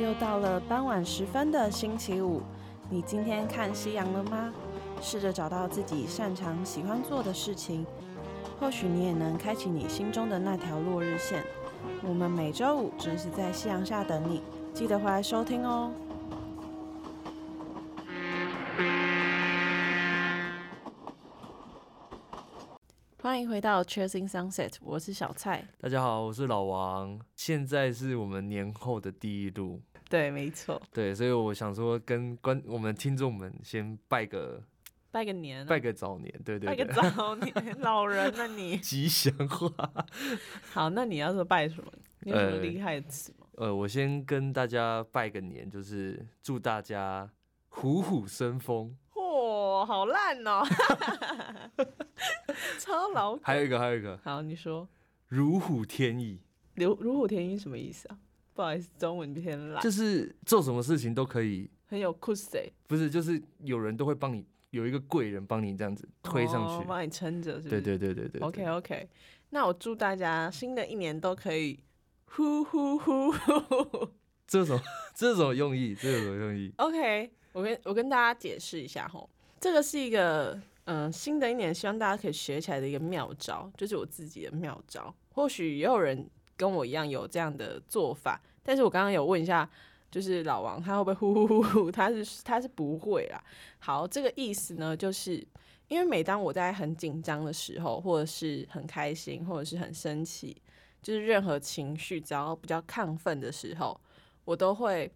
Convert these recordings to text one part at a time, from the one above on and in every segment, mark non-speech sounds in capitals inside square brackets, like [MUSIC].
又到了傍晚時分的星期五，你今天看夕陽了嗎？試着找到自己擅長、喜歡做的事情，或許你也能開啟你心中的那條落日線。我們每周五準時在夕陽下等你，記得回來收聽哦。歡迎回到 Chasing Sunset，我是小蔡。大家好，我是老王。現在是我們年後的第一度，對，沒錯。對，所以我想說跟，跟觀我們聽眾們先拜個拜個年，啊，拜個早年。對對，對，對，拜個早年，老人啊你。 [LAUGHS] 吉祥話。 [LAUGHS] 好，那你要說拜什麼？你有什麼厲害的詞嗎呃？呃，我先跟大家拜個年，就是祝大家虎虎生風。好爛哦，爛哦 [LAUGHS] 超老。還有一個，還有一個，好，你說。如虎添翼。如如虎添翼什麼意思啊？不好意思，中文偏爛。就是做什麼事情都可以。很有酷誰？不是，就是有人都會幫你，有一個貴人幫你這樣子推上去，哦，幫你撐着，對對對對對，對。OK OK，那我祝大家新的一年都可以呼呼呼呼。這種這種用意，這有什麼用意？OK，我跟我跟大家解釋一下哈。這個是一個，嗯，新的一年，希望大家可以學起來的一個妙招，就是我自己的妙招。或許也有人跟我一樣有這樣的做法，但是我剛剛有問一下，就是老王他會不會呼呼呼呼？他是他是不會啦。好，這個意思呢，就是因為每當我在很緊張的時候，或者是很開心，或者是很生氣，就是任何情緒只要比較亢奮的時候，我都會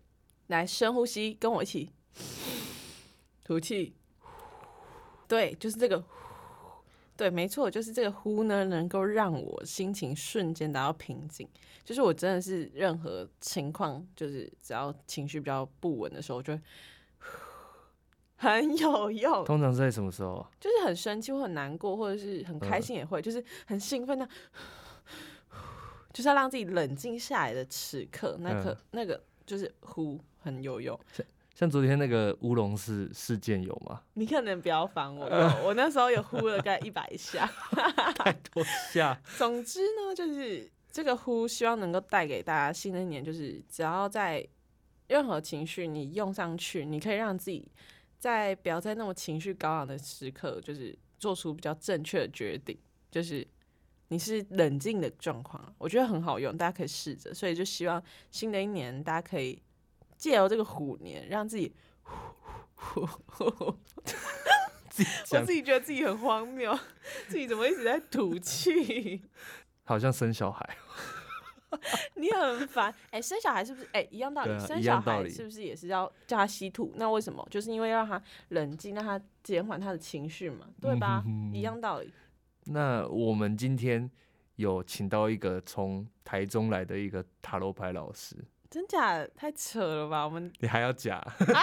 來深呼吸，跟我一起吐氣。對，就是這個呼，對，沒錯，就是這個呼呢，能夠讓我心情瞬間達到平靜。就是我真的是任何情況，就是只要情緒比較不穩的時候就呼，就很有用。通常在什麼時候、啊？就是很生氣或很難過，或者是很開心也會，嗯、就是很興奮呢，就是要讓自己冷靜下來的時刻，那個、嗯、那個就是呼很有用。像昨天那個烏龍事事件，有嗎？你可能不要煩我，呃、我那時候也呼了，大概一百下， [LAUGHS] [LAUGHS] 太多下。總之呢，就是這個呼，希望能夠帶給大家新的一年，就是只要在任何情緒你用上去，你可以讓自己在不要在那麼情緒高昂的時刻，就是做出比較正確的決定，就是你是冷靜的狀況，我覺得很好用，大家可以試着。所以就希望新的一年大家可以，借由這個虎年，讓自己呼呼呼呼， [LAUGHS] 我自己覺得自己很荒謬，自己怎麼一直在吐氣？ [LAUGHS] 好像生小孩， [LAUGHS] 你很煩。哎、欸，生小孩是不是？哎、欸，一樣道理。對生小孩是不是也是要叫他吸吐？那為什麼？就是因為要讓他冷靜，讓他減緩他的情緒嘛，對吧、嗯？一樣道理。那我們今天有請到一個從台中來的一個塔羅牌老師。真假的太扯了吧？我們你還要假？ [LAUGHS]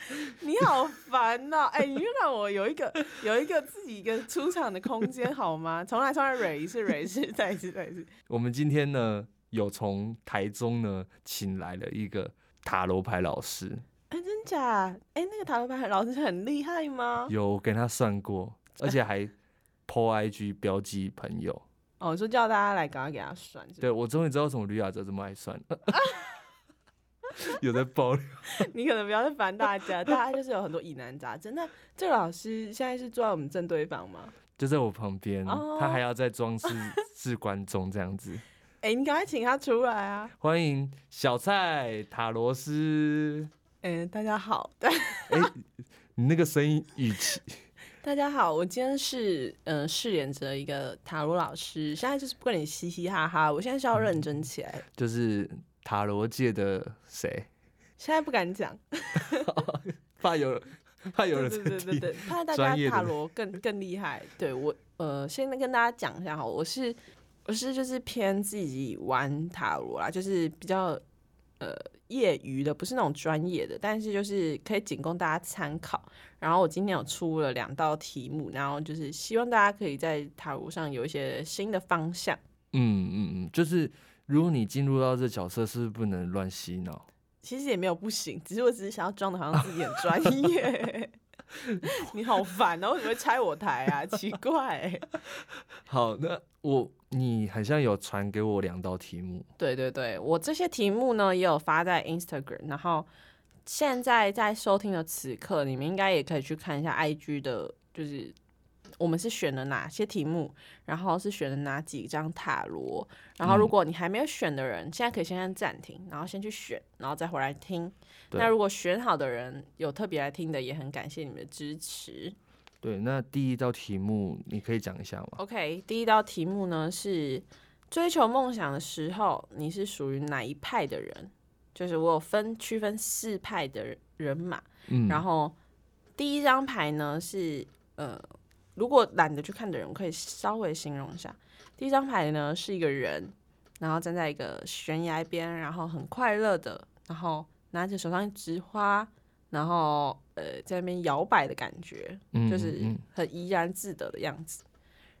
[LAUGHS] 你好煩哦、喔！哎、欸，你讓我有一個有一個自己一個出場的空間好嗎？從來從來瑞是瑞是再一次再一次。我們今天呢，有從台中呢請來了一個塔羅牌老師。哎、欸，真假？哎、欸，那個塔羅牌老師很厲害嗎？有給他算過，而且還 PO IG 標記朋友。 [LAUGHS] 哦，說叫大家來，趕快給他算是是。對，我終於知道為什麼呂雅哲這麼愛算， [LAUGHS] [LAUGHS] 有在爆料。你可能不要再煩大家，大家 [LAUGHS] 就是有很多疑難雜症。那這個老師現在是坐在我們正對方嗎？就在我旁邊，oh. 他還要在裝飾飾觀眾這樣子。哎、 [LAUGHS] 欸，你趕快請他出來啊！歡迎小菜塔羅師。哎、欸，大家好。哎、欸，你那個聲音語氣。大家好，我今天是嗯飾、呃、演着一個塔羅老師，現在就是不跟你嘻嘻哈哈，我現在是要認真起來，嗯、就是塔羅界的誰？現在不敢講，怕 [LAUGHS] 有、哦、怕有人，對對對，怕大家塔羅更更厲害。對，我呃，現在跟大家講一下哈，我是我是就是偏自己玩塔羅啦，就是比較呃。業餘的不是那種專業的，但是就是可以僅供大家參考。然後我今天有出了兩道題目，然後就是希望大家可以在塔羅上有一些新的方向。嗯嗯嗯，就是如果你進入到這角色，是不是不能亂洗腦？其實也沒有不行，只是我只是想要裝的好像自己很專業。 [LAUGHS] [LAUGHS] 你好煩啊！為什麼會拆我台啊？奇怪、欸。好，那我。你好像有傳給我兩道題目，對對對，我這些題目呢也有發在 Instagram，然後現在在收聽的此刻，你們應該也可以去看一下 IG 的，就是我們是選了哪些題目，然後是選了哪幾張塔羅，然後如果你還沒有選的人，嗯、現在可以先按暫停，然後先去選，然後再回來聽。對那如果選好的人有特別來聽的，也很感謝你們的支持。對，那第一道題目你可以講一下嗎？OK，第一道題目呢是追求夢想的時候，你是屬於哪一派的人？就是我有分區分四派的人馬嗯，然後第一張牌呢是呃，如果懶得去看的人我可以稍微形容一下，第一張牌呢是一個人，然後站在一個懸崖邊，然後很快樂的，然後拿着手上一枝花，然後。呃，在那邊搖擺的感覺，就是很怡然自得的樣子。嗯嗯嗯。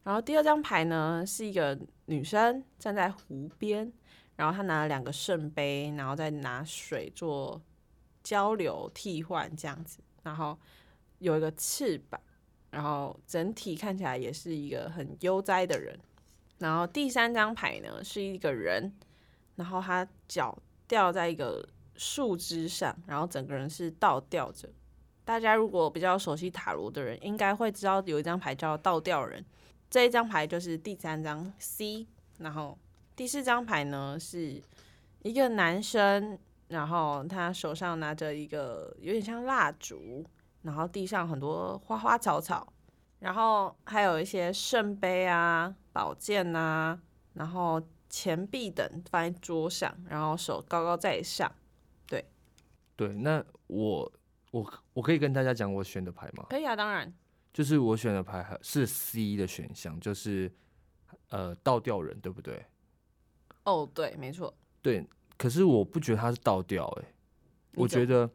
然後第二張牌呢，是一個女生站在湖邊，然後她拿了兩個聖杯，然後再拿水做交流替換這樣子。然後有一個翅膀，然後整體看起來也是一個很悠哉的人。然後第三張牌呢，是一個人，然後他腳吊在一個樹枝上，然後整個人是倒吊着。大家如果比較熟悉塔羅的人，應該會知道有一張牌叫倒吊人，這一張牌就是第三張 C，然後第四張牌呢，是一個男生，然後他手上拿着一個有點像蠟燭，然後地上很多花花草草，然後還有一些聖杯啊、寶劍啊、然後錢幣等放在桌上，然後手高高在上，對，對，那我。我我可以跟大家講我選的牌嗎？可以啊，當然。就是我選的牌是 C 的選項，就是呃倒吊人，對不對？哦，對，沒錯。對，可是我不覺得他是倒吊、欸，哎，我覺得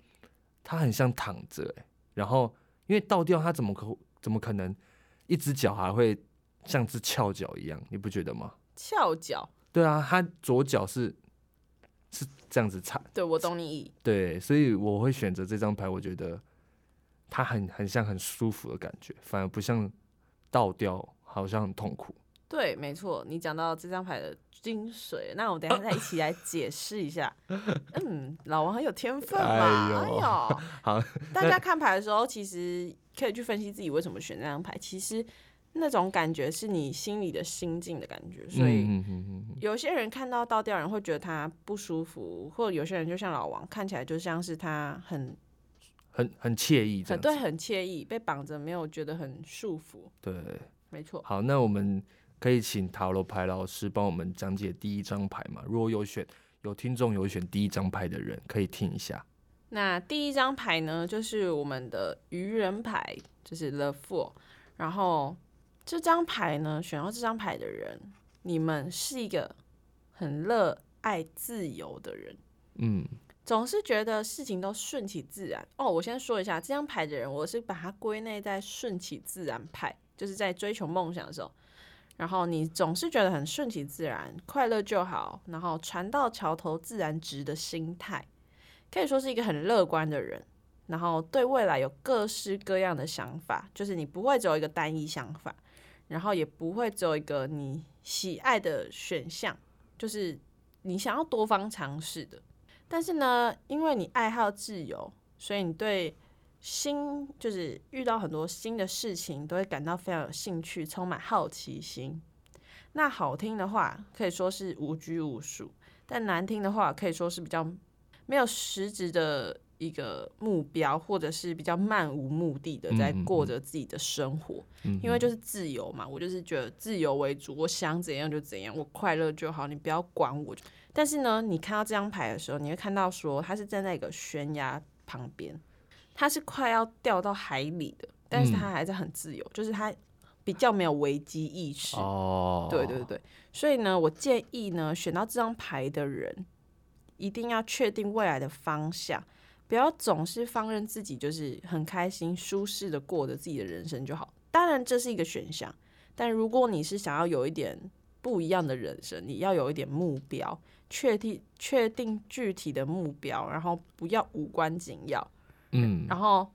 他很像躺着、欸，然後因為倒吊他怎麼可怎麼可能一只腳還會像只翹腳一樣？你不覺得嗎？翹腳？對啊，他左腳是。是這樣子踩，對我懂你意，對，所以我會選擇這張牌，我覺得它很很像很舒服的感覺，反而不像倒吊，好像很痛苦。對，沒錯，你講到這張牌的精髓，那我等一下再一起來解釋一下。啊、嗯， [LAUGHS] 老王很有天分嘛，哎呦，哎呦好，大家看牌的時候，其實可以去分析自己為什麼選這張牌，其實。那種感覺是你心裡的心境的感覺，所以有些人看到倒吊人會覺得他不舒服，或有些人就像老王，看起來就像是他很很很愜意，很愜意很對，很愜意，被綁着沒有覺得很束縛，對，嗯，沒錯。好，那我們可以請塔羅牌老師幫我們講解第一張牌嘛？如果有選有聽眾有選第一張牌的人，可以聽一下。那第一張牌呢，就是我們的愚人牌，就是 The Fool，然後。這張牌呢，選到這張牌的人，你們是一個很熱愛自由的人，嗯，總是覺得事情都順其自然。哦，我先說一下這張牌的人，我是把它歸類在順其自然派，就是在追求夢想的時候，然後你總是覺得很順其自然，快樂就好，然後船到橋頭自然直的心態，可以說是一個很樂觀的人，然後對未來有各式各樣的想法，就是你不會只有一個單一想法。然後也不會只有一個你喜愛的選項，就是你想要多方嘗試的。但是呢，因為你愛好自由，所以你對新，就是遇到很多新的事情都會感到非常有興趣，充滿好奇心。那好聽的話可以說是無拘無束，但難聽的話可以說是比較沒有實質的。一個目標，或者是比較漫無目的的在過着自己的生活，嗯嗯、因為就是自由嘛，我就是覺得自由為主，我想怎樣就怎樣，我快樂就好，你不要管我。但是呢，你看到這張牌的時候，你會看到說他是站在一個懸崖旁邊，他是快要掉到海裡的，但是他還是很自由，嗯、就是他比較沒有危機意識。哦，對對對，所以呢，我建議呢，選到這張牌的人一定要確定未來的方向。不要總是放任自己，就是很開心、舒適的過着自己的人生就好。當然這是一個選項，但如果你是想要有一點不一樣的人生，你要有一點目標，確定確定具體的目標，然後不要無關緊要。嗯，然後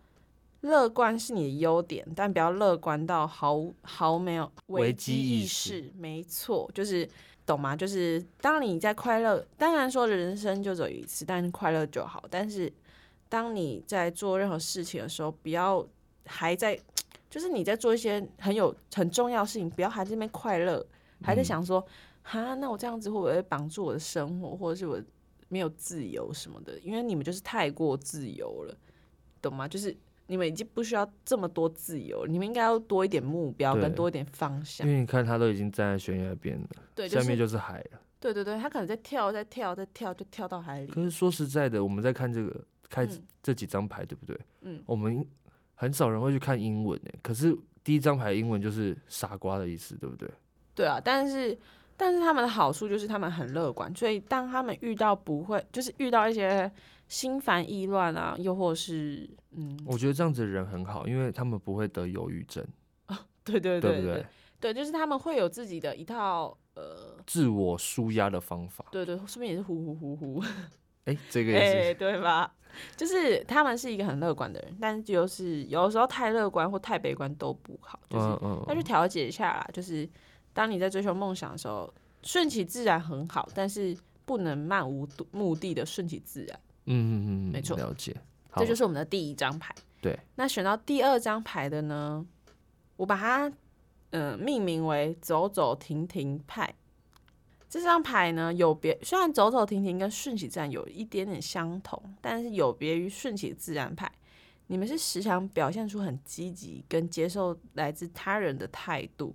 樂觀是你的優點，但不要樂觀到毫、毫沒有危機意識。危機意識。沒錯，就是懂嗎？就是當你在快樂，當然說人生就走一次，但是快樂就好，但是。當你在做任何事情的時候，不要還在，就是你在做一些很有很重要的事情，不要還在那邊快樂，嗯、還在想說，哈，那我這樣子會不會綁住我的生活，或者是我沒有自由什麼的？因為你們就是太過自由了，懂嗎？就是你們已經不需要這麼多自由，你們應該要多一點目標，跟多一點方向。因為你看他都已經站在懸崖邊了，對，就是、下面就是海了。對對對，他可能在跳，在跳，在跳，就跳，跳到海裡。可是說實在的，我們在看這個。開這幾張牌、嗯、對不對？嗯，我們很少人會去看英文誒。可是第一張牌英文就是傻瓜的意思，對不對？對啊，但是但是他們的好處就是他們很樂觀，所以當他們遇到不會，就是遇到一些心煩意亂啊，又或是嗯，我覺得這樣子的人很好，因為他們不會得憂鬱症。啊、哦，對對對，對，對，對，對不對？就是他們會有自己的一套呃自我舒壓的方法。對對，順便，也是呼呼呼呼。哎，欸、這個也是，哎，對吧？ [LAUGHS] 就是他們是一個很樂觀的人，但就是有的時候太樂觀或太悲觀都不好，就是要去調節一下啦。哦哦哦，就是當你在追求夢想的時候，順其自然很好，但是不能漫無目的的順其自然。嗯嗯嗯，沒錯錯，了解。這就是我們的第一張牌。對，那選到第二張牌的呢，我把它嗯、呃、命名為“走走停停派”。這張牌呢有別，雖然走走停停跟順其自然有一點點相同，但是有別於順其自然牌，你們是時常表現出很積極跟接受來自他人的態度，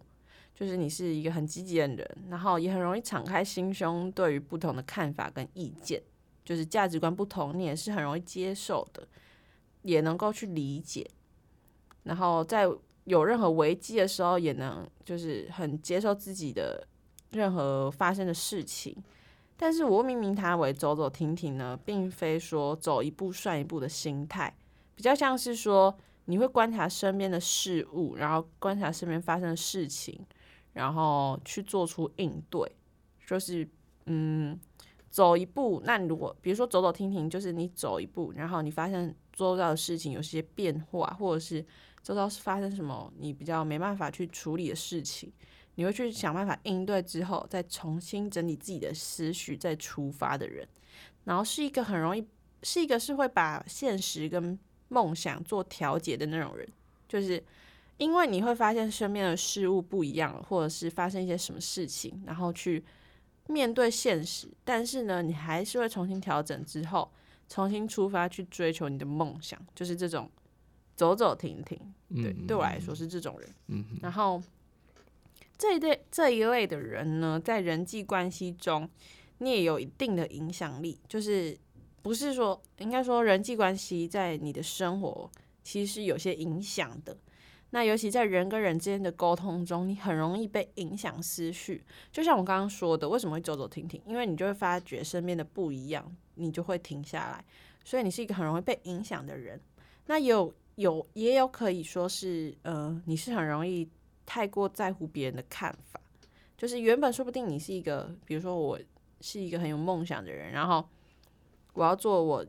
就是你是一個很積極的人，然後也很容易敞開心胸，對於不同的看法跟意見，就是價值觀不同，你也是很容易接受的，也能夠去理解，然後在有任何危機的時候，也能就是很接受自己的。任何發生的事情，但是我明明它為走走停停呢，並非說走一步算一步的心態，比較像是說你會觀察身邊的事物，然後觀察身邊發生的事情，然後去做出應對。就是嗯，走一步，那如果比如說走走停停，就是你走一步，然後你發現周遭的事情有些變化，或者是周遭是發生什麼你比較沒辦法去處理的事情。你會去想辦法應對，之後再重新整理自己的思緒，再出發的人，然後是一個很容易，是一個是會把現實跟夢想做調節的那種人，就是因為你會發現身邊的事物不一樣，或者是發生一些什麼事情，然後去面對現實，但是呢，你還是會重新調整之後，重新出發去追求你的夢想，就是這種走走停停，對，對我來說是這種人，然後。這一類這一類的人呢，在人際關係中，你也有一定的影響力。就是不是說，應該說人際關係在你的生活其實是有些影響的。那尤其在人跟人之間的溝通中，你很容易被影響思緒。就像我剛剛說的，為什麼會走走停停？因為你就會發覺身邊的不一樣，你就會停下來。所以你是一個很容易被影響的人。那有有也有可以說是，呃，你是很容易。太過在乎別人的看法，就是原本說不定你是一個，比如說我是一個很有夢想的人，然後我要做我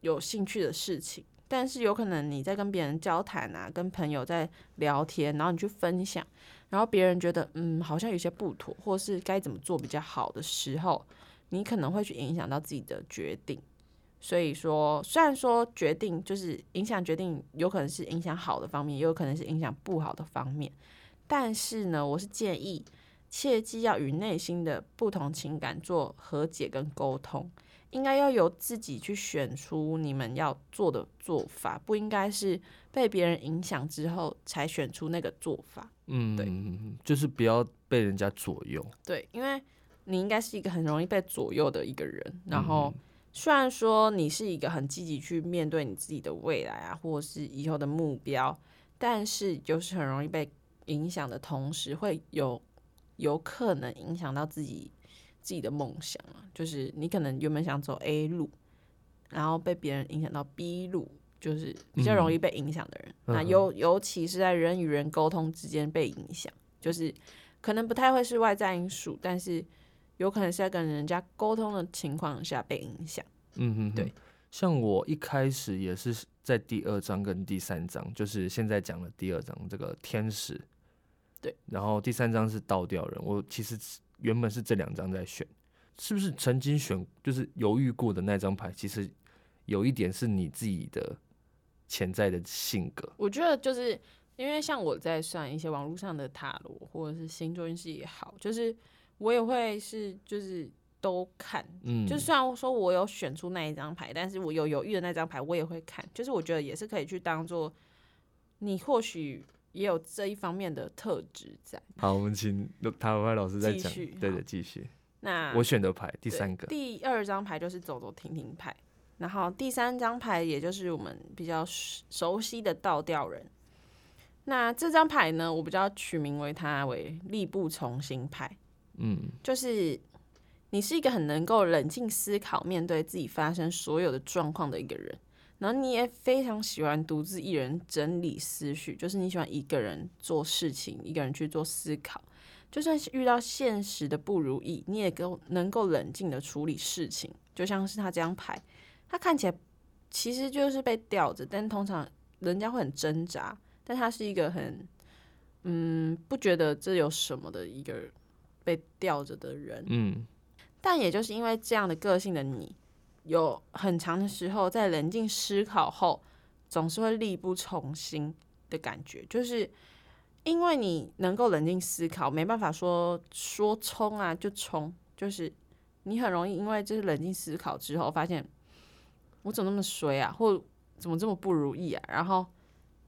有興趣的事情，但是有可能你在跟別人交談啊，跟朋友在聊天，然後你去分享，然後別人覺得嗯，好像有些不妥，或是該怎麼做比較好的時候，你可能會去影響到自己的決定。所以說，雖然說決定，就是影響決定有，有可能是影響好的方面，也有可能是影響不好的方面。但是呢，我是建議切記要與內心的不同情感做和解跟溝通，應該要由自己去選出你們要做的做法，不應該是被別人影響之後才選出那個做法。嗯，對，就是不要被人家左右。對，因為你應該是一個很容易被左右的一個人。然後雖然說你是一個很積極去面對你自己的未來啊，或者是以後的目標，但是就是很容易被。影響的同時，會有有可能影響到自己自己的夢想啊，就是你可能原本想走 A 路，然後被別人影響到 B 路，就是比較容易被影響的人。嗯、那尤尤其是在人與人溝通之間被影響，嗯、就是可能不太會是外在因素，但是有可能是在跟人家溝通的情況下被影響。嗯嗯，對。像我一開始也是在第二張跟第三張，就是現在講的第二張這個天使。對，然後第三張是倒吊人。我其實原本是這兩張在選，是不是曾經選就是猶豫過的那張牌？其實有一點是你自己的潛在的性格。我覺得就是因為像我在算一些網絡上的塔羅或者是星座運勢也好，就是我也會是就是都看。嗯，就是雖然說我有選出那一張牌，但是我有猶豫的那張牌我也會看。就是我覺得也是可以去當做你或許。也有這一方面的特質在。好，我們請塔羅牌老師再講。對的，繼續。續，那我選的牌第三個。第二張牌就是走走停停牌，然後第三張牌也就是我們比較熟悉的倒吊人。那這張牌呢，我比較取名為它為力不從心牌。嗯，就是你是一個很能夠冷靜思考、面對自己發生所有的狀況的一個人。然後你也非常喜歡獨自一人整理思緒，就是你喜歡一個人做事情，一個人去做思考。就算是遇到現實的不如意，你也夠能夠冷靜的處理事情。就像是他這張牌，他看起來其實就是被吊着，但通常人家會很掙扎，但他是一個很嗯不覺得這有什麼的一個被吊着的人。嗯，但也就是因為這樣的個性的你。有很長的時候，在冷靜思考後，總是會力不從心的感覺，就是因為你能夠冷靜思考，沒辦法說說衝啊就衝，就是你很容易因為就是冷靜思考之後，發現我怎麼那麼衰啊，或怎麼這麼不如意啊，然後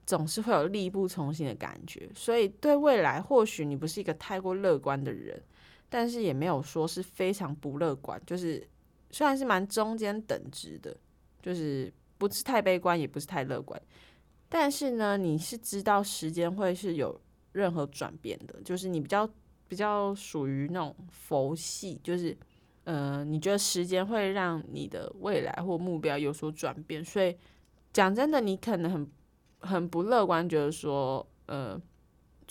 總是會有力不從心的感覺。所以對未來，或許你不是一個太過樂觀的人，但是也沒有說是非常不樂觀，就是。雖然是蠻中間等值的，就是不是太悲觀，也不是太樂觀，但是呢，你是知道時間會是有任何轉變的，就是你比較比較屬於那種佛系，就是呃，你覺得時間會讓你的未來或目標有所轉變，所以講真的，你可能很很不樂觀，覺得說呃。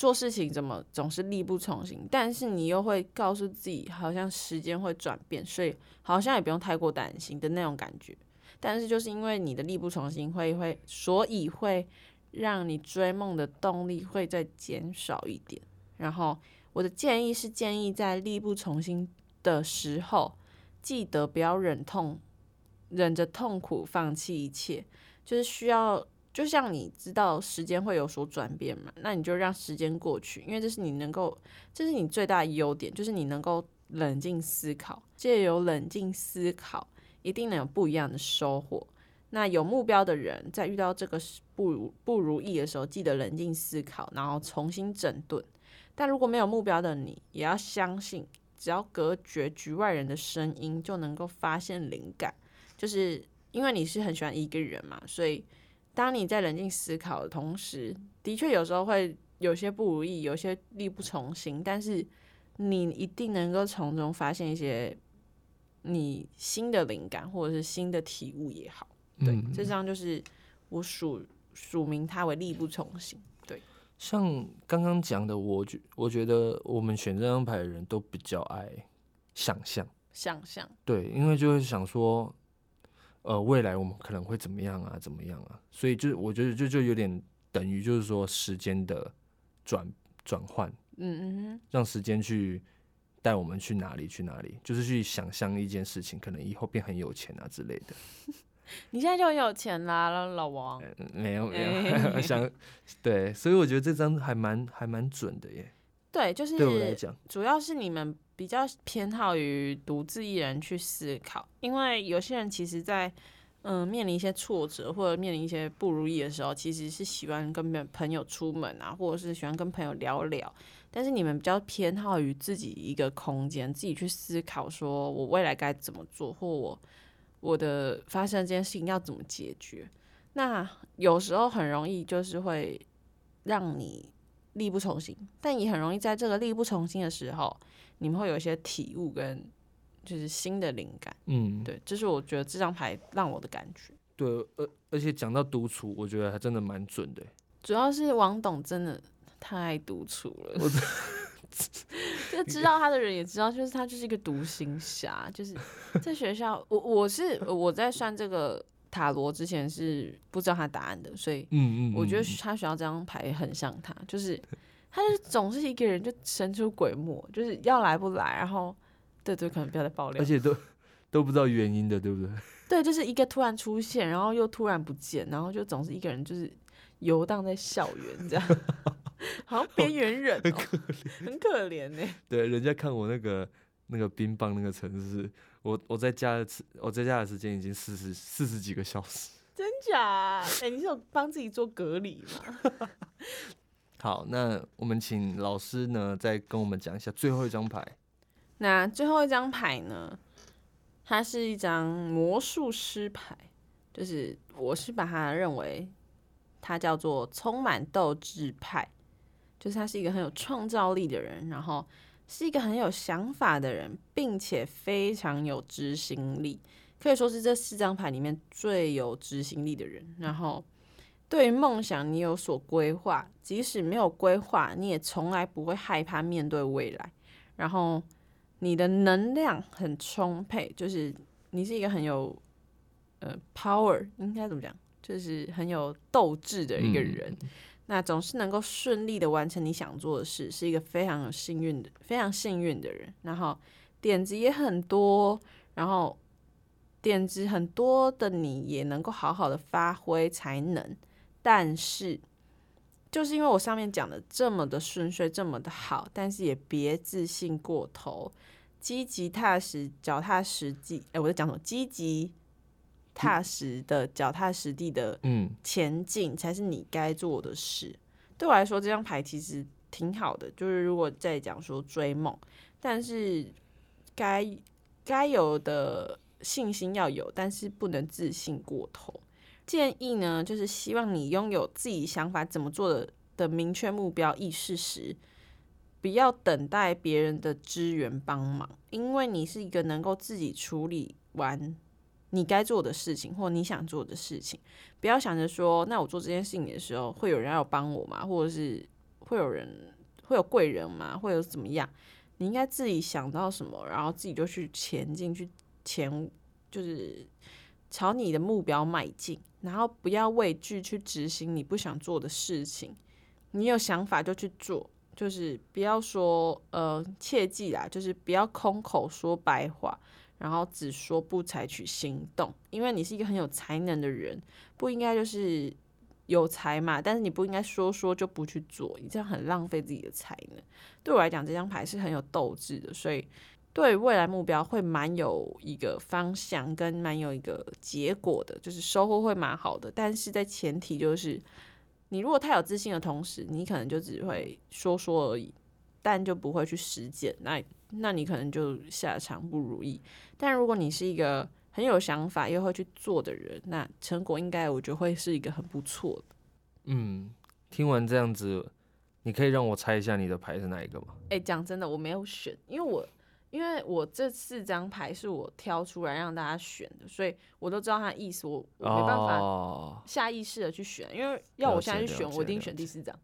做事情怎麼總是力不從心，但是你又會告訴自己，好像時間會轉變，所以好像也不用太過擔心的那種感覺。但是就是因為你的力不從心會，會會所以會讓你追夢的動力會再減少一點。然後我的建議是，建議在力不從心的時候，記得不要忍痛，忍着痛苦放棄一切，就是需要。就像你知道時間會有所轉變嘛，那你就讓時間過去，因為這是你能夠，這是你最大的優點，就是你能夠冷靜思考，借由冷靜思考，一定能有不一樣的收穫。那有目標的人，在遇到這個不如不如意的時候，記得冷靜思考，然後重新整頓。但如果沒有目標的你，也要相信，只要隔絕局外人的聲音，就能夠發現靈感。就是因為你是很喜歡一個人嘛，所以。當你在冷靜思考的同時，的確有時候會有些不如意，有些力不從心，但是你一定能夠從中發現一些你新的靈感，或者是新的體悟也好。對，這張、嗯、就是我署署名它為力不從心。對，像剛剛講的，我覺我覺得我們選這張牌的人都比較愛想象，想象，對，因為就會想說。呃，未來我們可能會怎麼樣啊？怎麼樣啊？所以就我覺得就就有點等於就是說時間的轉轉換，嗯嗯哼，讓時間去帶我們去哪裡？去哪裡？就是去想象一件事情，可能以後變很有錢啊之類的。你現在就很有錢啦，老王？沒有、嗯、沒有，沒有欸、想對，所以我覺得這張還蠻還蠻準的耶。對，就是對我來講，主要是你們。比較偏好於獨自一人去思考，因為有些人其實在，在、呃、嗯，面臨一些挫折或者面臨一些不如意的時候，其實是喜歡跟朋友出門啊，或者是喜歡跟朋友聊聊。但是你們比較偏好於自己一個空間，自己去思考，說我未來該怎麼做，或我我的發生這件事情要怎麼解決。那有時候很容易就是會讓你。力不從心，但也很容易在這個力不從心的時候，你們會有一些體悟跟就是新的靈感。嗯，對，這是我覺得這張牌讓我的感覺。對，而而且講到獨處，我覺得還真的蠻準的欸。主要是王董真的太獨處了，我這 [LAUGHS] 就知道他的人也知道，就是他就是一個獨行俠，就是在學校我，我我是我在算這個。塔羅之前是不知道他答案的，所以，嗯嗯，我覺得他選到這張牌很像他，就是，他就總是一個人就神出鬼沒，就是要來不來，然後，對對，可能不要再爆料，而且都都不知道原因的，對不對？對，就是一個突然出現，然後又突然不見，然後就總是一個人就是遊蕩在校園這樣， [LAUGHS] 好像邊緣人，哦，很可憐，很可憐哎，欸。對，人家看我那個那個冰棒那個城市。我我在家的時，我在家的時間已經四十四十幾個小時，真假、啊？哎、欸，你是有幫自己做隔離嗎？ [LAUGHS] 好，那我們請老師呢，再跟我們講一下最後一張牌。那最後一張牌呢，它是一張魔術師牌，就是我是把他認為它叫做充滿鬥志派，就是他是一個很有創造力的人，然後。是一個很有想法的人，並且非常有執行力，可以說是這四張牌裡面最有執行力的人。然後，對於夢想你有所規劃，即使沒有規劃，你也從來不會害怕面對未來。然後，你的能量很充沛，就是你是一個很有呃 power，應該怎麼講？就是很有鬥志的一個人。嗯。那總是能夠順利的完成你想做的事，是一個非常幸運的、非常幸運的人。然後點子也很多，然後點子很多的你也能夠好好的發揮才能，但是就是因為我上面講的這麼的順遂、這麼的好，但是也別自信過頭，積極踏實、腳踏實際。哎、欸，我在講什麼？積極。踏實的腳踏實地的前進，才是你該做的事。對我來說，這張牌其實挺好的，就是如果在講說追夢，但是該該有的信心要有，但是不能自信過頭。建議呢，就是希望你擁有自己想法怎麼做的的明確目標意識時，不要等待別人的支援幫忙，因為你是一個能夠自己處理完。你該做的事情，或你想做的事情，不要想着說，那我做這件事情的時候，會有人要幫我嗎？或者是會有人會有貴人嗎？會有怎麼樣？你應該自己想到什麼，然後自己就去前進，去前，就是朝你的目標邁進，然後不要畏懼去執行你不想做的事情。你有想法就去做，就是不要說，呃，切記啦，就是不要空口說白話。然後只說不採取行動，因為你是一個很有才能的人，不應該就是有才嘛，但是你不應該說說就不去做，你這樣很浪費自己的才能。對我來講，這張牌是很有鬥志的，所以對未來目標會蠻有一個方向跟蠻有一個結果的，就是收穫會蠻好的。但是在前提就是，你如果太有自信的同時，你可能就只會說說而已。但就不會去實踐，那那你可能就下場不如意。但如果你是一個很有想法又會去做的人，那成果應該我覺得會是一個很不錯的。嗯，聽完這樣子，你可以讓我猜一下你的牌是哪一個嗎？哎、欸，講真的，我沒有選，因為我因為我這四張牌是我挑出來讓大家選的，所以我都知道他意思，我，我沒辦法下意識的去選，哦、因為要我現在去選，我一定選第四張。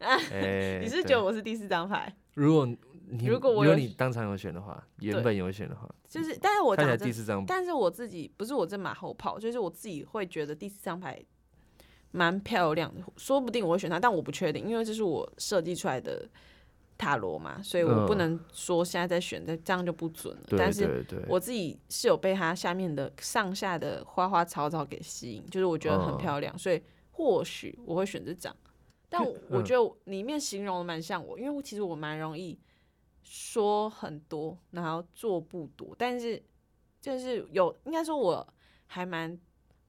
欸、 [LAUGHS] 你是覺得我是第四張牌？如果你如果，我有如果你當場有選的話，對原本有選的話，就是但是我講第四張，但是我自己不是我這馬後炮，就是我自己會覺得第四張牌蠻漂亮的，說不定我會選它，但我不確定，因為這是我設計出來的塔羅嘛，所以我不能說現在在選，在、嗯、這樣就不準了。對對對，但是我自己是有被它下面的上下的花花草草給吸引，就是我覺得很漂亮，嗯、所以或許我會選這張。但我覺得裡面形容的蠻像我，嗯、因為我其實我蠻容易說很多，然後做不多。但是就是有應該說我還蠻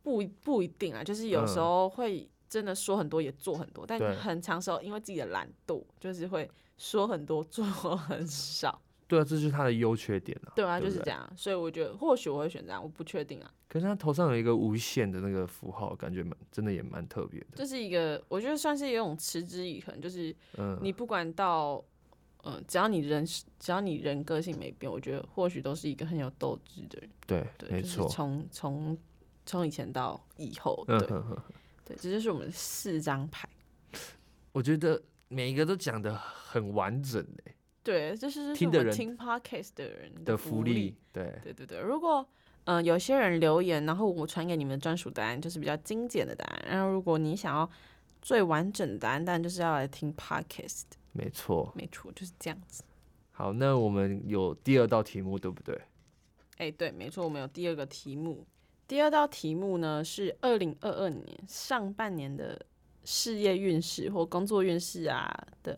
不不一定啊，就是有時候會真的說很多也做很多，嗯、但很常時候因為自己的懶惰，對就是會說很多做很少。對啊，這是他的優缺點了、啊。對啊，就是這樣。對對，所以我覺得，或許我會選這樣，我不確定啊。可是他頭上有一個無限的那個符號，感覺蠻真的，也蠻特別的。這是一個，我覺得算是有一種持之以恆，就是你不管到，嗯、呃，只要你人只要你人個性沒變，我覺得或許都是一個很有鬥志的人。對，對沒錯。從從從以前到以後，對、嗯、呵呵對，這就是我們的四張牌。我覺得每一個都講得很完整嘞、欸。對，就是聽的人我聽 podcast 的人的福利。福利對，對對對。如果嗯、呃，有些人留言，然後我傳給你們專屬答案，就是比較精簡的答案。然後如果你想要最完整答案，當然就是要來聽 podcast。沒錯，沒錯，就是這樣子。好，那我們有第二道題目，對不對？哎，對，沒錯，我們有第二個題目。第二道題目呢是二零二二年上半年的事業運勢或工作運勢啊的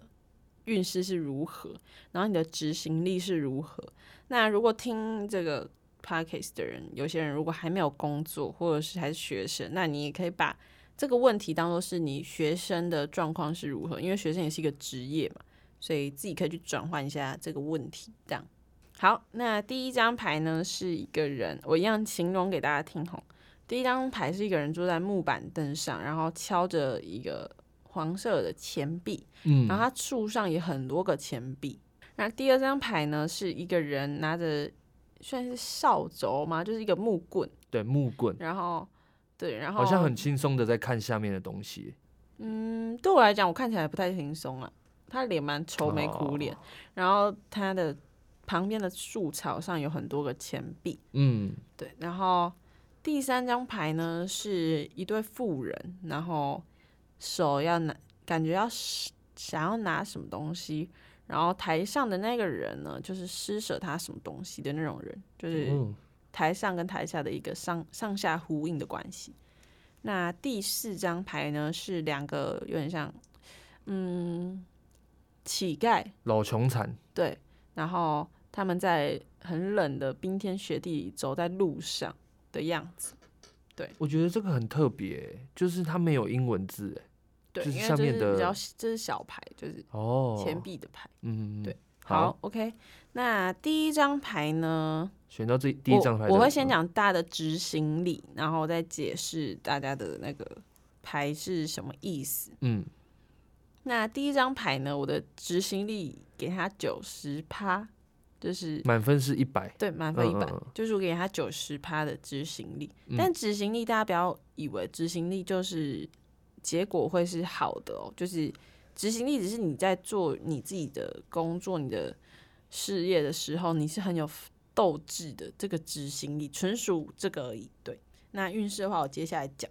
運勢是如何？然後你的執行力是如何？那如果聽這個 podcast 的人，有些人如果還沒有工作，或者是還是學生，那你也可以把這個問題當做是你學生的狀況是如何，因為學生也是一個職業嘛，所以自己可以去轉換一下這個問題。這樣。好，那第一張牌呢是一個人，我一樣形容給大家聽哦。第一張牌是一個人坐在木板凳上，然後敲着一個。黃色的錢幣，嗯，然後它樹上有很多個錢幣。嗯、那第二張牌呢，是一個人拿着，算是掃帚嘛，就是一個木棍，對，木棍。然後，對，然後好像很輕鬆的在看下面的東西。嗯，對我來講，我看起來不太輕鬆啊。他臉蠻愁眉苦臉，哦、然後他的旁邊的樹草上有很多個錢幣。嗯，對。然後第三張牌呢，是一對富人，然後。手要拿，感覺要想要拿什麼東西，然後台上的那個人呢，就是施捨他什麼東西的那種人，就是台上跟台下的一個上上下呼應的關係。那第四張牌呢，是兩個有點像嗯乞丐、老窮殘。對，然後他們在很冷的冰天雪地裡走在路上的樣子。對，我覺得這個很特別，欸，就是他沒有英文字誒、欸。就是上面的，比較這是小牌，就是哦，錢幣的牌，哦、嗯，對，好，好，OK，那第一張牌呢？選到這第一張牌我，我會先講大的執行力，嗯、然後再解釋大家的那個牌是什麼意思。嗯，那第一張牌呢？我的執行力給他九十趴，就是滿分是一百，對，滿分一百、嗯，就是我給他九十趴的執行力。嗯、但執行力，大家不要以為執行力就是。結果會是好的哦，就是執行力只是你在做你自己的工作、你的事業的時候，你是很有鬥志的。這個執行力純屬這個而已。對，那運勢的話，我接下來講。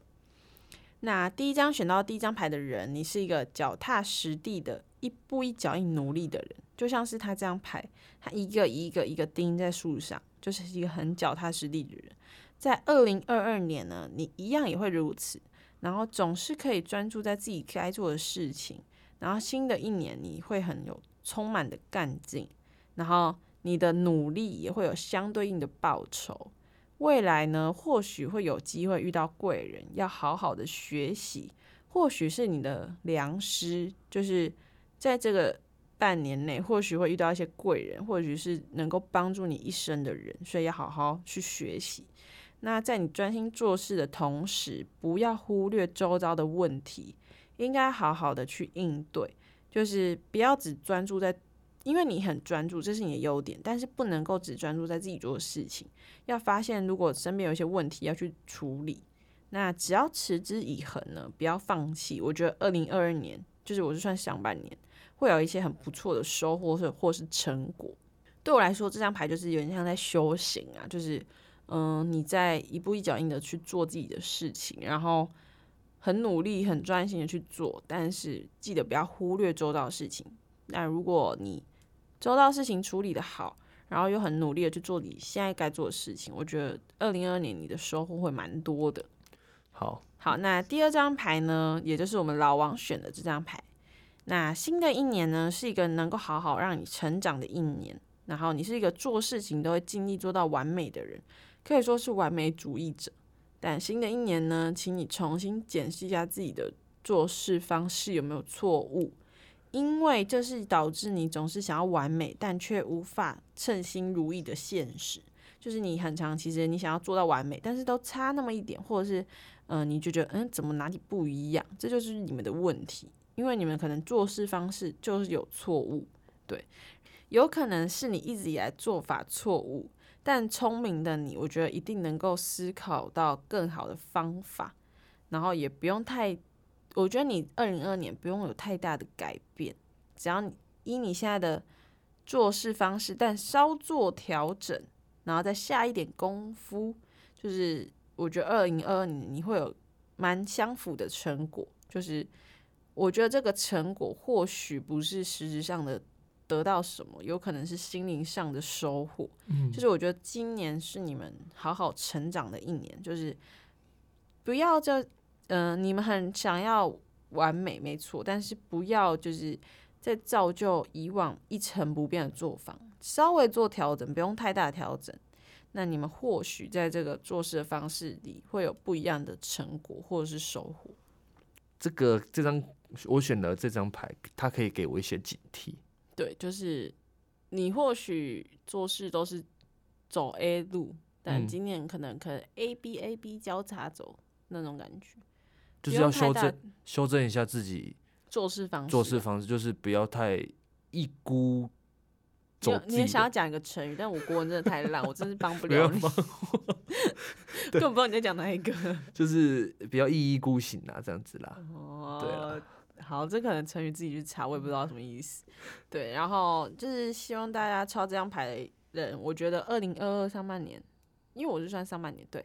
那第一張選到第一張牌的人，你是一個腳踏實地的，一步一腳印努力的人，就像是他這張牌，他一個一個一個釘在樹上，就是一個很腳踏實地的人。在二零二二年呢，你一樣也會如此。然後總是可以專注在自己該做的事情，然後新的一年你會很有充滿的幹勁，然後你的努力也會有相對應的報酬。未來呢，或許會有機會遇到貴人，要好好的學習，或許是你的良師，就是在這個半年內，或許會遇到一些貴人，或許是能夠幫助你一生的人，所以要好好去學習。那在你專心做事的同時，不要忽略周遭的問題，應該好好的去應對，就是不要只專注在，因為你很專注，這是你的優點，但是不能夠只專注在自己做的事情，要發現如果身邊有一些問題要去處理，那只要持之以恆呢，不要放棄。我覺得2022年，就是我是算上半年會有一些很不錯的收穫，或是成果。對我來說，這張牌就是有點像在修行啊，就是。嗯，你在一步一腳印的去做自己的事情，然後很努力、很專心的去做，但是記得不要忽略周到的事情。那如果你周到事情處理得好，然後又很努力的去做你現在該做的事情，我覺得二零二二年你的收穫會蠻多的。好，好，那第二張牌呢，也就是我們老王選的這張牌。那新的一年呢，是一個能夠好好讓你成長的一年。然後你是一個做事情都會盡力做到完美的人。可以說是完美主義者，但新的一年呢，請你重新檢視一下自己的做事方式有沒有錯誤，因為這是導致你總是想要完美但卻無法稱心如意的現實。就是你很常，其實你想要做到完美，但是都差那麼一點，或者是嗯、呃，你就覺得嗯，怎麼哪裡不一樣？這就是你們的問題，因為你們可能做事方式就是有錯誤，對，有可能是你一直以來做法錯誤。但聰明的你，我覺得一定能夠思考到更好的方法，然後也不用太，我覺得你二零二二年不用有太大的改變，只要你依你現在的做事方式，但稍作調整，然後再下一點功夫，就是我覺得二零二二年你會有蠻相符的成果，就是我覺得這個成果或許不是實質上的。得到什麼有可能是心靈上的收穫，嗯，就是我覺得今年是你們好好成長的一年，就是不要就嗯，呃，你們很想要完美沒錯，但是不要就是在造就以往一成不變的做法，稍微做調整，不用太大調整，那你們或許在這個做事的方式裡會有不一樣的成果或者是收穫，這個，這個這張我選的這張牌，它可以給我一些警惕。對，就是你或許做事都是走 A 路，但今年可能，可能 A B A B 交叉走那種感覺，就是要修正修正一下自己做事方式做事方式，就是不要太一孤。你也想要講一個成語，但我國文真的太爛， [LAUGHS] 我真是幫不了你，更 [LAUGHS] [LAUGHS] 對不知道你在講哪一個， [LAUGHS] 就是比較一意孤行啦，這樣子啦，oh. 對啦好，這可能成語自己去查，我也不知道什麼意思。對，然後就是希望大家抽這張牌的人，我覺得二零二二上半年，因為我是算上半年，對，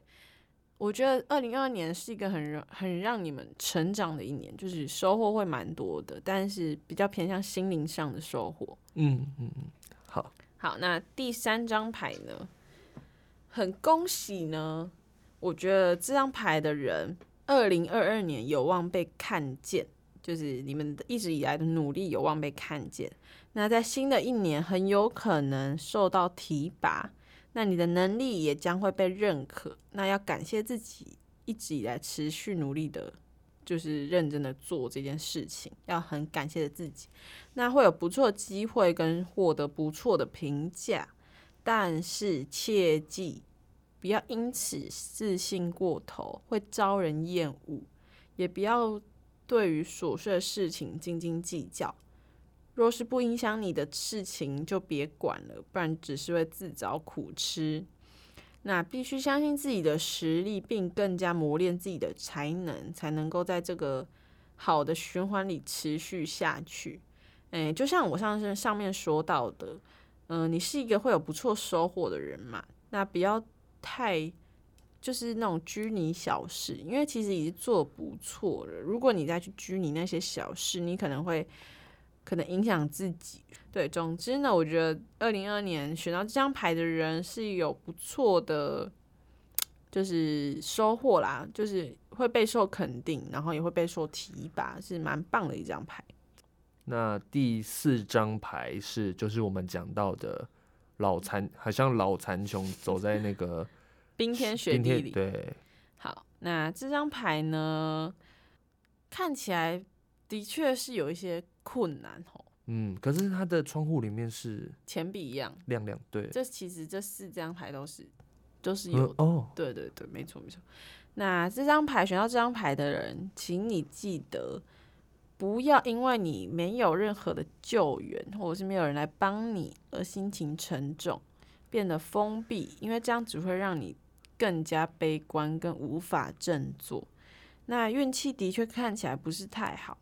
我覺得二零二二年是一個很讓很讓你們成長的一年，就是收穫會蠻多的，但是比較偏向心靈上的收穫。嗯嗯嗯，好好。那第三張牌呢？很恭喜呢，我覺得這張牌的人，二零二二年有望被看見。就是你們一直以來的努力有望被看見，那在新的一年很有可能受到提拔，那你的能力也將會被認可。那要感謝自己一直以來持續努力的，就是認真的做這件事情，要很感謝自己。那會有不錯的機會跟獲得不錯的評價，但是切記不要因此自信過頭，會招人厭惡，也不要。對於瑣碎的事情斤斤計較，若是不影響你的事情就別管了，不然只是會自找苦吃。那必須相信自己的實力，並更加磨練自己的才能，才能夠在這個好的循環裡持續下去。誒，就像我上次上面說到的，嗯、呃，你是一個會有不錯收穫的人嘛？那不要太。就是那種拘泥小事，因為其實已經做不錯了。如果你再去拘泥那些小事，你可能會可能影響自己。對，總之呢，我覺得二零二二年選到這張牌的人是有不錯的，就是收穫啦，就是會備受肯定，然後也會備受提拔，是蠻棒的一張牌。那第四張牌是，就是我們講到的老殘，好像老殘窮走在那個。 [LAUGHS] 冰天雪地裡，對，好，那這張牌呢，看起來的確是有一些困難哦。嗯，可是它的窗戶裡面是錢幣一樣亮亮，對。這其實這四張牌都是都是有、呃、哦，對對對，沒錯沒錯。那這張牌選到這張牌的人，請你記得不要因為你沒有任何的救援，或者是沒有人來幫你，而心情沉重，變得封閉，因為這樣只會讓你。更加悲觀，跟無法振作。那運氣的確看起來不是太好，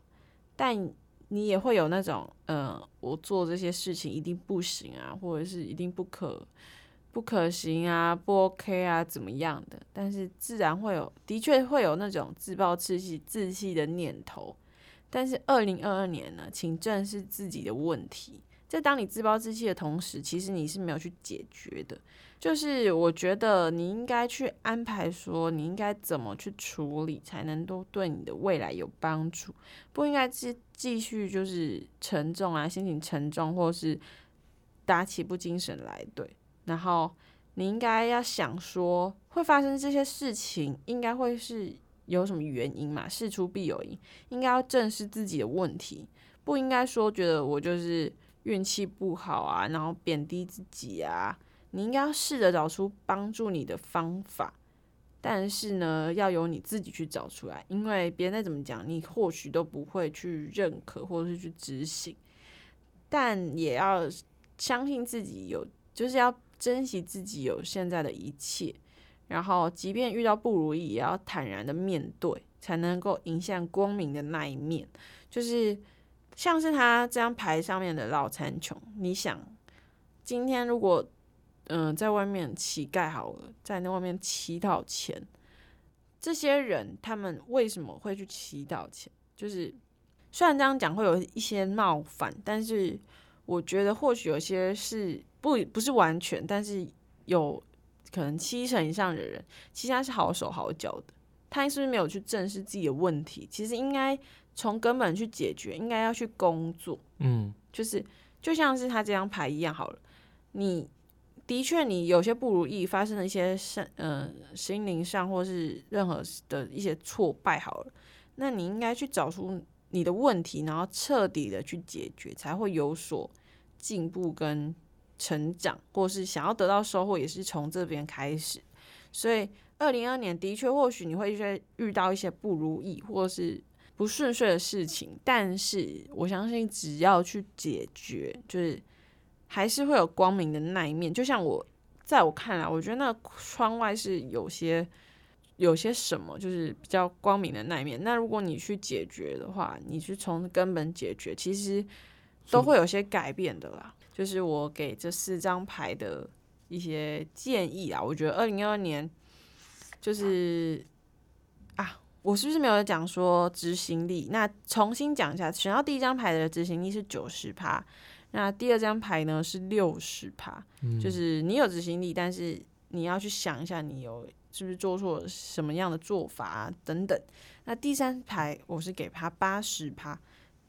但你也會有那種，嗯、呃，我做這些事情一定不行啊，或者是一定不可不可行啊，不 OK 啊，怎麼樣的？但是自然會有，的確會有那種自暴自棄、自棄的念頭。但是二零二二年呢，請正視自己的問題。在當你自暴自棄的同時，其實你是沒有去解決的。就是我覺得你應該去安排，說你應該怎麼去處理，才能夠對你的未來有幫助。不應該繼續就是沉重啊，心情沉重，或是打起不精神來。對，然後你應該要想說，會發生這些事情，應該會是有什麼原因嘛？事出必有因，應該要正視自己的問題，不應該說覺得我就是運氣不好啊，然後貶低自己啊，你應該要試着找出幫助你的方法，但是呢，要由你自己去找出來，因為別人再怎麼講，你或許都不會去認可或者是去執行。但也要相信自己有，就是要珍惜自己有現在的一切，然後即便遇到不如意，也要坦然的面對，才能夠迎向光明的那一面，就是。像是他這張牌上面的“老殘窮”，你想，今天如果嗯、呃、在外面乞丐，好了，在那外面乞討錢，這些人他們為什麼會去乞討錢？就是雖然這樣講會有一些冒犯，但是我覺得或許有些是不不是完全，但是有可能七成以上的人，其實他是好手好腳的。他是不是沒有去正視自己的問題？其實應該。從根本去解決，應該要去工作，嗯，就是就像是他這張牌一樣好了。你的確你有些不如意，發生了一些心，嗯、呃，心靈上或是任何的一些挫敗好了，那你應該去找出你的問題，然後徹底的去解決，才會有所進步跟成長，或是想要得到收穫，也是從這邊開始。所以，2022年的確或許你會遇到一些不如意，或是。不順遂的事情，但是我相信只要去解決，就是還是會有光明的那一面。就像我，在我看來，我覺得那窗外是有些有些什麼，就是比較光明的那一面。那如果你去解決的話，你去從根本解決，其實都會有些改變的啦。就是我給這四張牌的一些建議啊，我覺得2022年就是啊。我是不是沒有講說執行力？那重新講一下，選到第一張牌的執行力是九十趴，那第二張牌呢是六十趴，嗯，就是你有執行力，但是你要去想一下，你有是不是做錯什麼樣的做法啊？等等。那第三牌我是給他八十趴，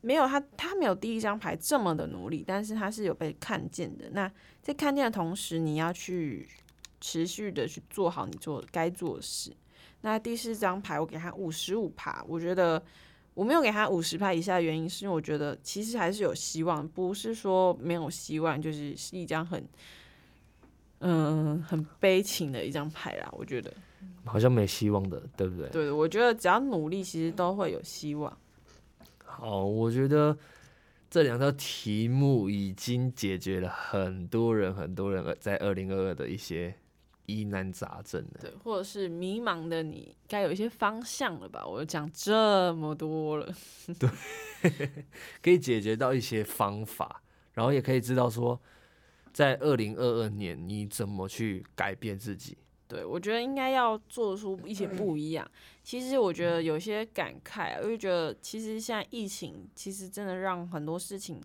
沒有他，他沒有第一張牌這麼的努力，但是他是有被看見的。那在看見的同時，你要去持續的去做好你做該做的事。那第四張牌，我給他五十五趴。我覺得我沒有給他五十趴以下的原因，是因為我覺得其實還是有希望，不是說沒有希望，就是一張很，嗯、呃，很悲情的一張牌啦。我覺得好像沒希望的，對不對？對，我覺得只要努力，其實都會有希望。好，我覺得這兩道題目已經解決了很多人，很多人在二零二二的一些。疑難雜症的，對，或者是迷茫的你，該有一些方向了吧？我講這麼多了，對，可以解決到一些方法，然後也可以知道說，在二零二二年你怎麼去改變自己？對，我覺得應該要做出一些不一樣。對其實我覺得有些感慨啊，我就覺得其實現在疫情，其實真的讓很多事情，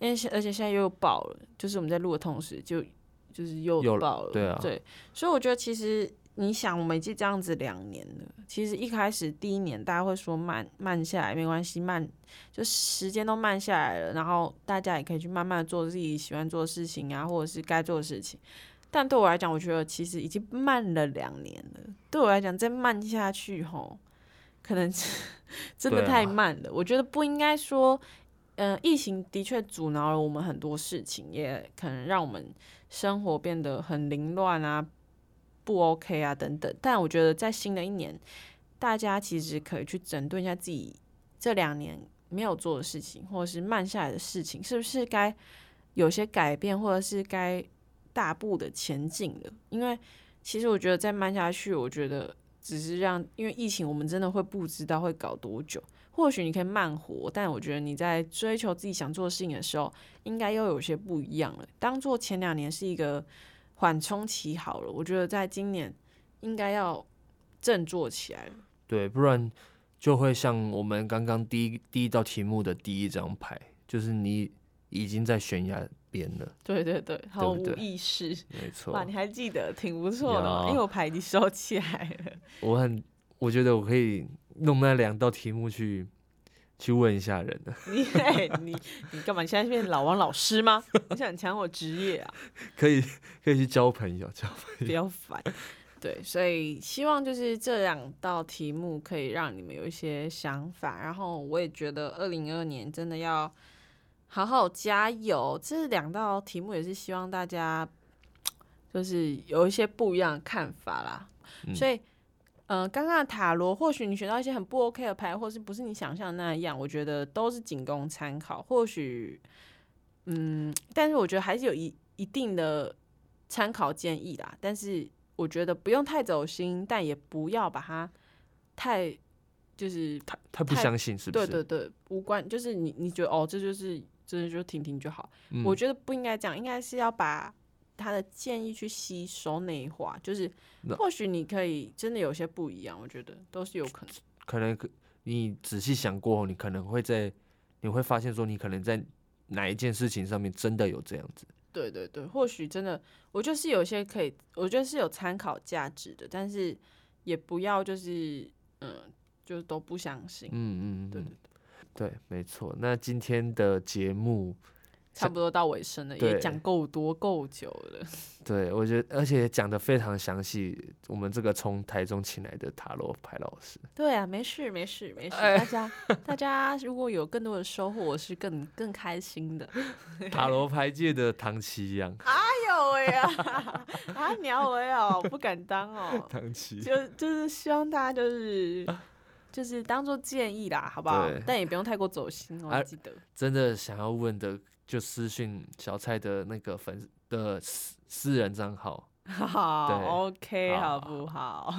因為而且現在又爆了，就是我們在錄的同時就。就是又到了，對啊，對。所以我覺得其實你想，我們已經這樣子兩年了。其實一開始第一年，大家會說慢慢下來沒關係，慢就時間都慢下來了，然後大家也可以去慢慢的做自己喜歡做的事情啊，或者是該做的事情。但對我來講，我覺得其實已經慢了兩年了。對我來講，再慢下去，吼，可能真的太慢了。啊、我覺得不應該說。嗯，疫情的確阻撓了我們很多事情，也可能讓我們生活變得很凌亂啊，不 OK 啊，等等。但我覺得在新的一年，大家其實可以去整頓一下自己這兩年沒有做的事情，或者是慢下來的事情，是不是該有些改變，或者是該大步的前進的？因為其實我覺得再慢下去，我覺得只是讓，因為疫情，我們真的會不知道會搞多久。或許你可以慢活，但我覺得你在追求自己想做的事情的時候，應該又有些不一樣了。當做前兩年是一個緩衝期好了，我覺得在今年應該要振作起來。對，不然就會像我們剛剛第一、第一道題目的第一張牌，就是你已經在懸崖邊了。對對對，毫無意識。沒錯錯，啊，你還記得挺不錯的，有因為我牌已經收起來了。我很，我覺得我可以。弄那兩道題目去去問一下人你、欸、你你幹嘛現在變老王老師嗎？ [LAUGHS] 你想搶我職業啊？可以可以去交朋友，交朋友。不要煩。對，所以希望就是這兩道題目可以讓你們有一些想法，然後我也覺得二零二二年真的要好好加油。這兩道題目也是希望大家就是有一些不一樣的看法啦，嗯、所以。嗯，剛剛、呃、的塔羅，或許你選到一些很不 OK 的牌，或是不是你想象那樣，我覺得都是僅供參考。或許，嗯，但是我覺得還是有一一定的參考建議啦。但是我覺得不用太走心，但也不要把它太就是太太不相信，太是不是？對對對，無關。就是你你覺得哦，這就是真的就聽聽就好。嗯、我覺得不應該這樣，應該是要把。他的建議去吸收內化，就是或許你可以真的有些不一樣，那我覺得都是有可能。可能你仔細想過後，你可能會在你會發現說，你可能在哪一件事情上面真的有這樣子。對對對，或許真的，我就是有些可以，我覺得是有參考價值的，但是也不要就是嗯，就是都不相信。嗯嗯嗯，對，對對，對，沒錯。那今天的節目。差不多到尾聲了，也講夠多夠久了。對，我覺得而且講得非常詳細。我們這個從台中請來的塔羅牌老師。對啊，沒事沒事沒事，大家大家如果有更多的收穫，我是更更開心的。塔羅牌界的唐琪一樣，哎呦喂呀啊，你要喂哦，不敢當哦。唐琪就就是希望大家就是就是當做建議啦，好不好？但也不用太過走心。我記得真的想要問的。就私信小菜的那個粉的，私私人賬號哈好，OK，好不好？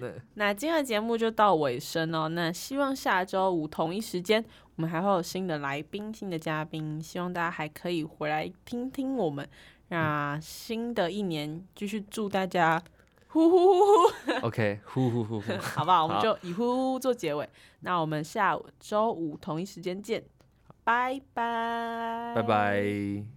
那那今天的節目就到尾聲哦。那希望下周五同一時間，我們還會有新的來賓、新的嘉賓，希望大家還可以回來聽聽我們。那新的一年，繼續祝大家呼呼呼呼、嗯、 [LAUGHS] ，OK，呼呼呼呼， [LAUGHS] 好不好？我們就以呼呼，呼做結尾。好那我們下周五同一時間見。拜拜。拜拜。